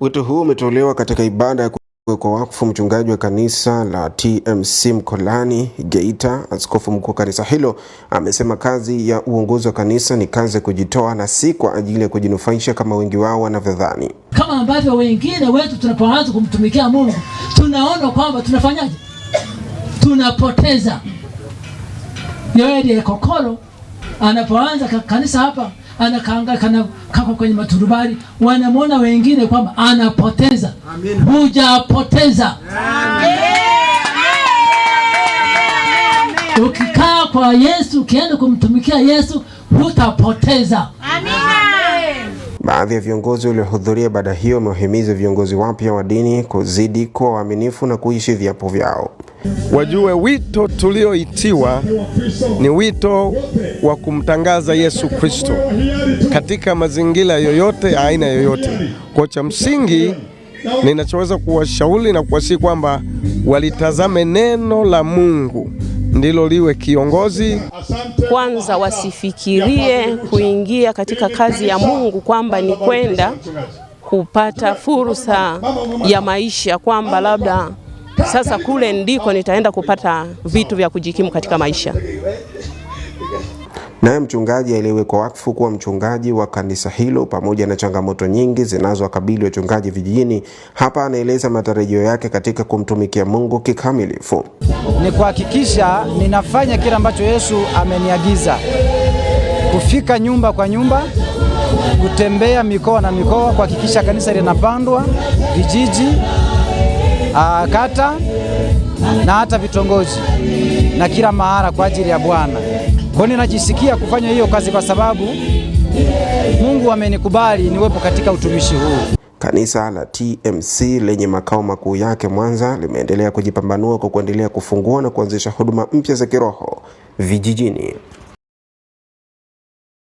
Wito huu umetolewa katika ibada ya kuwekwa wakfu mchungaji wa kanisa la TMC Mkolani Geita. Askofu mkuu wa kanisa hilo amesema kazi ya uongozi wa kanisa ni kazi ya kujitoa na si kwa ajili ya kujinufaisha kama wengi wao wanavyodhani. Kama ambavyo wengine wetu tunapoanza kumtumikia Mungu tunaona kwamba tunafanyaje, tunapoteza. Yoeli kokoro anapoanza kanisa hapa anakangaa kana kako kwenye maturubari wanamwona wengine kwamba anapoteza. Hujapoteza. Ukikaa kwa Yesu, ukienda kumtumikia Yesu, hutapoteza. Baadhi ya viongozi waliohudhuria ibada hiyo wamewahimiza viongozi wapya wa dini kuzidi kuwa waaminifu na kuishi viapo vyao wajue wito tulioitiwa ni wito wa kumtangaza Yesu Kristo katika mazingira yoyote ya aina yoyote. Kwa cha msingi ninachoweza kuwashauri na kuwasihi kwamba walitazame neno la Mungu ndilo liwe kiongozi. Kwanza wasifikirie kuingia katika kazi ya Mungu kwamba ni kwenda kupata fursa ya maisha, kwamba labda sasa kule ndiko nitaenda kupata vitu vya kujikimu katika maisha. Naye mchungaji aliyewekwa wakfu kuwa mchungaji wa kanisa hilo, pamoja na changamoto nyingi zinazowakabili wachungaji vijijini, hapa anaeleza matarajio yake katika kumtumikia Mungu kikamilifu. Ni kuhakikisha ninafanya kile ambacho Yesu ameniagiza, kufika nyumba kwa nyumba, kutembea mikoa na mikoa, kuhakikisha kanisa linapandwa vijiji aa, ah, kata na hata vitongoji na kila mahala kwa ajili ya Bwana. Kwa hiyo ninajisikia kufanya hiyo kazi kwa sababu Mungu amenikubali niwepo katika utumishi huu. Kanisa la TMC lenye makao makuu yake Mwanza limeendelea kujipambanua kwa kuendelea kufungua na kuanzisha huduma mpya za kiroho vijijini.